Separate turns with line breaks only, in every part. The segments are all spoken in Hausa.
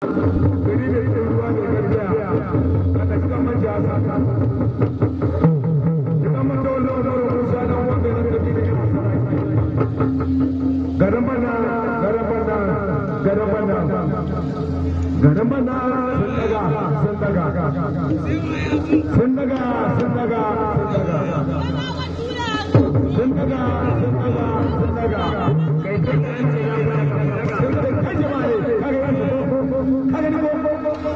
Gari da ita ruwa ne gargaya, a ɗaƙiƙan Sun daga, sun daga, sun daga. Sun daga, sun daga, sun daga.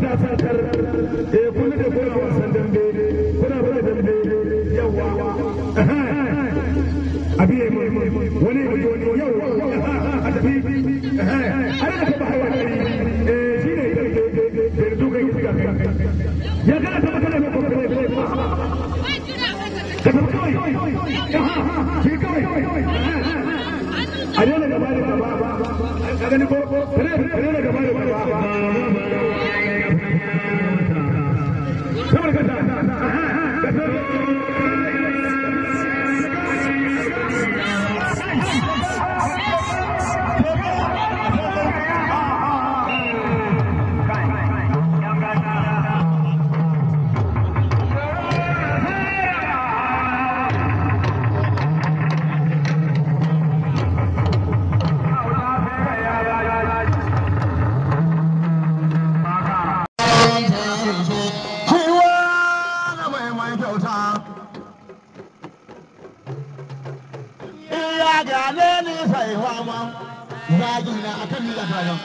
fatar eh da kuna wasan dambe kuna fara dambe yawa abi ya mai wani ya mutu wani yawa a tafi har da hawa eh shi ne da ya ga kuma kai ko na akan ni da kayan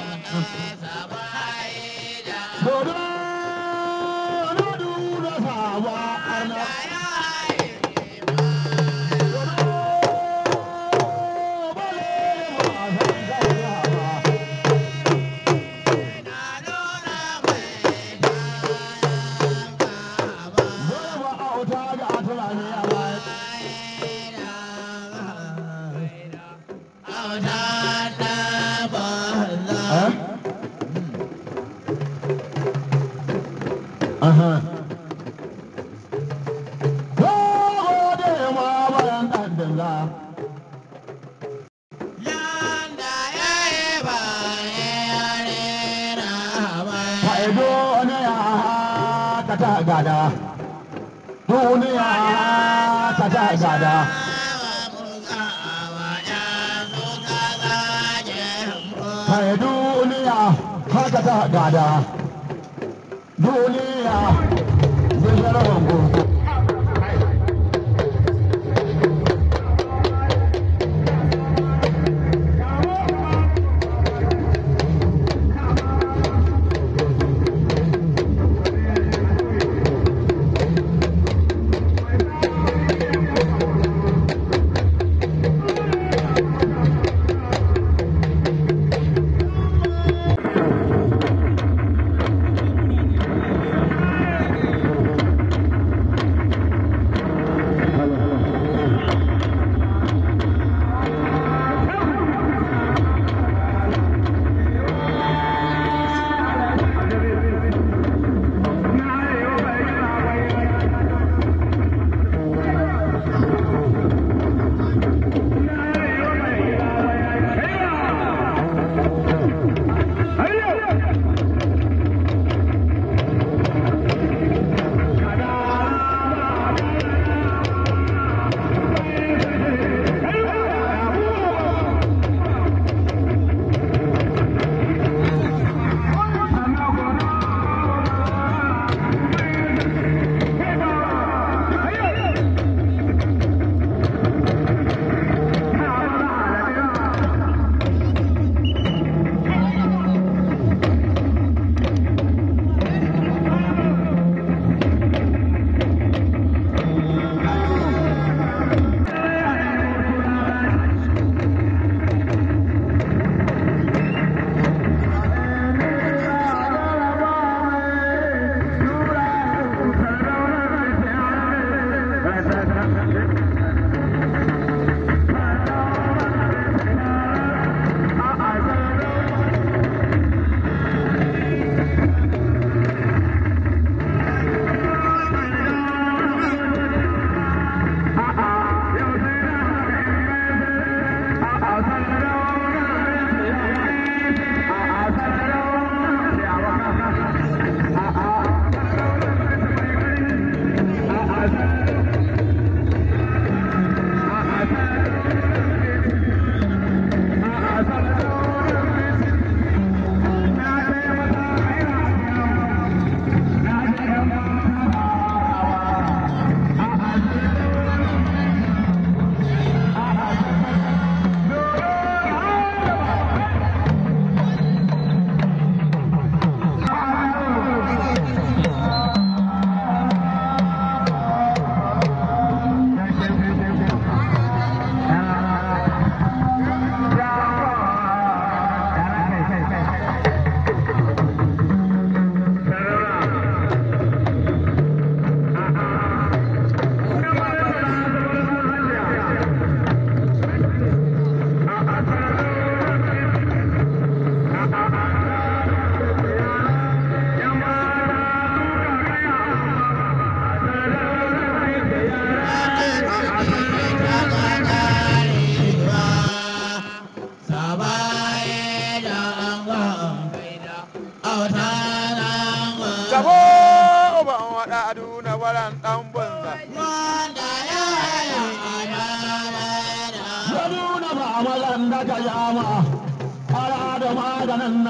gada duniya ta ta gada kai duniya haka ta gada duniya zai zara bango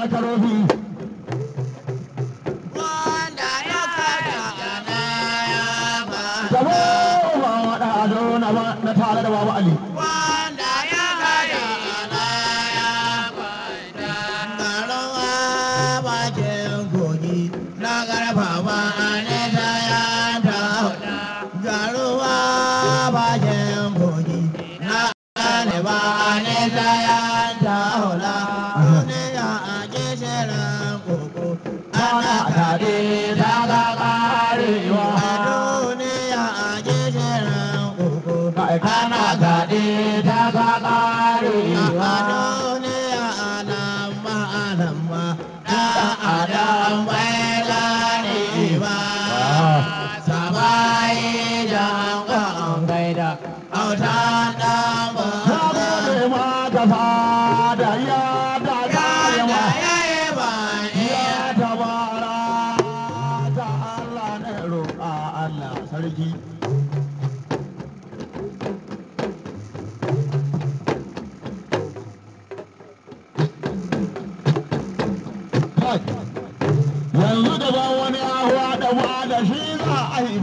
na karofi wanda ya kada ana ya ba na tare da babu ali Hare did.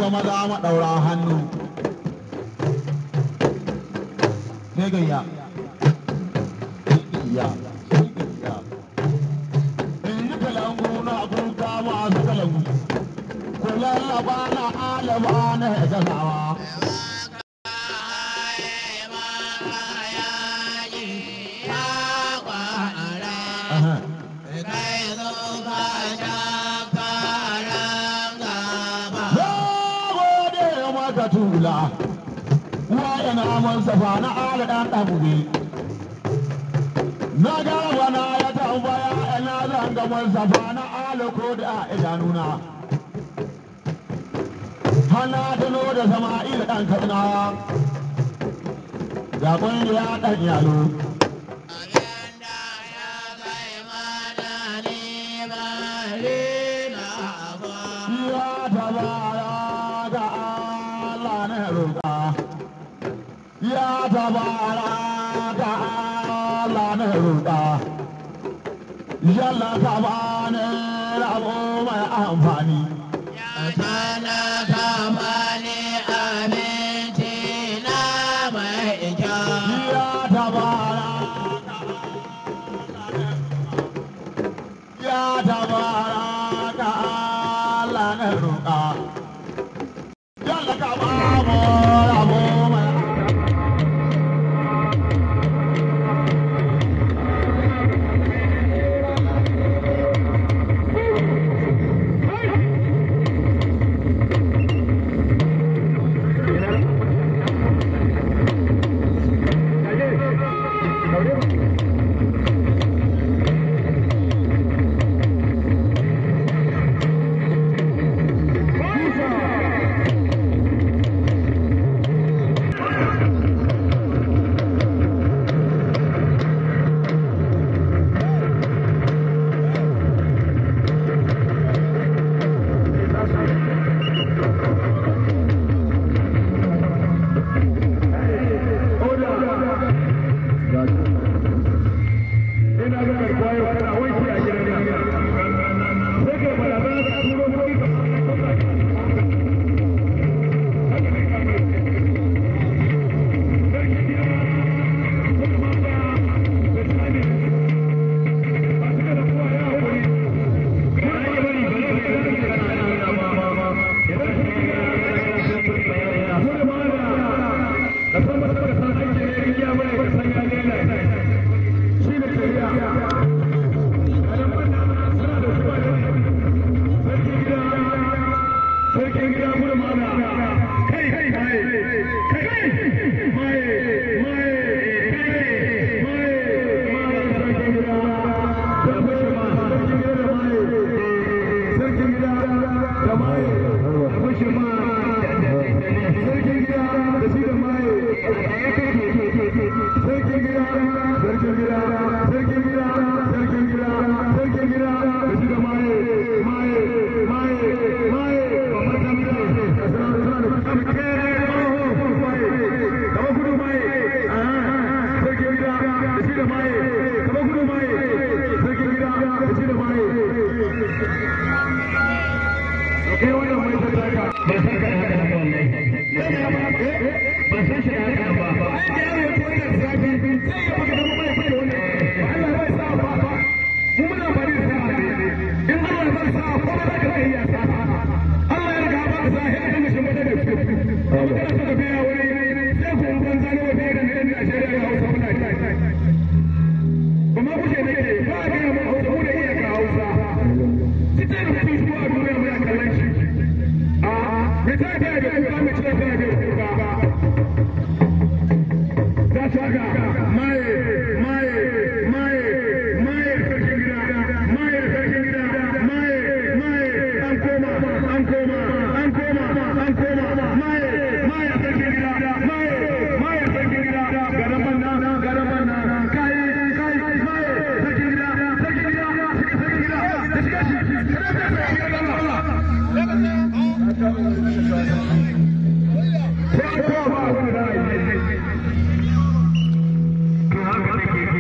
maza maza ma ɗaura hannu sai gayya gayya gayya in ji kalangu na kuka masu kalangu kula labana alama na gasawa mustapha na ala dan dagube
na ga wana ya ta baya ina zan
ga mustapha na ala ko da idanuna hana ta no da sama'ila dan kabna ga kun ya dan yalo ya tabara ta Allah mai roƙa yalla tabane rabo mai amfani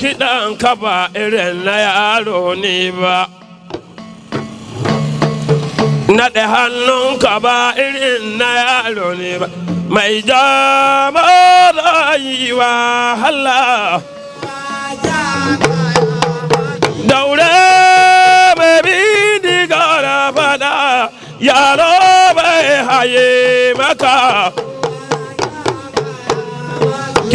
kiɗan ka ba irin na yaro ne ba naɗe hannun ka ba irin na yaro ne ba mai jama rayuwa hala daure mai diga fada yaro bai haye maka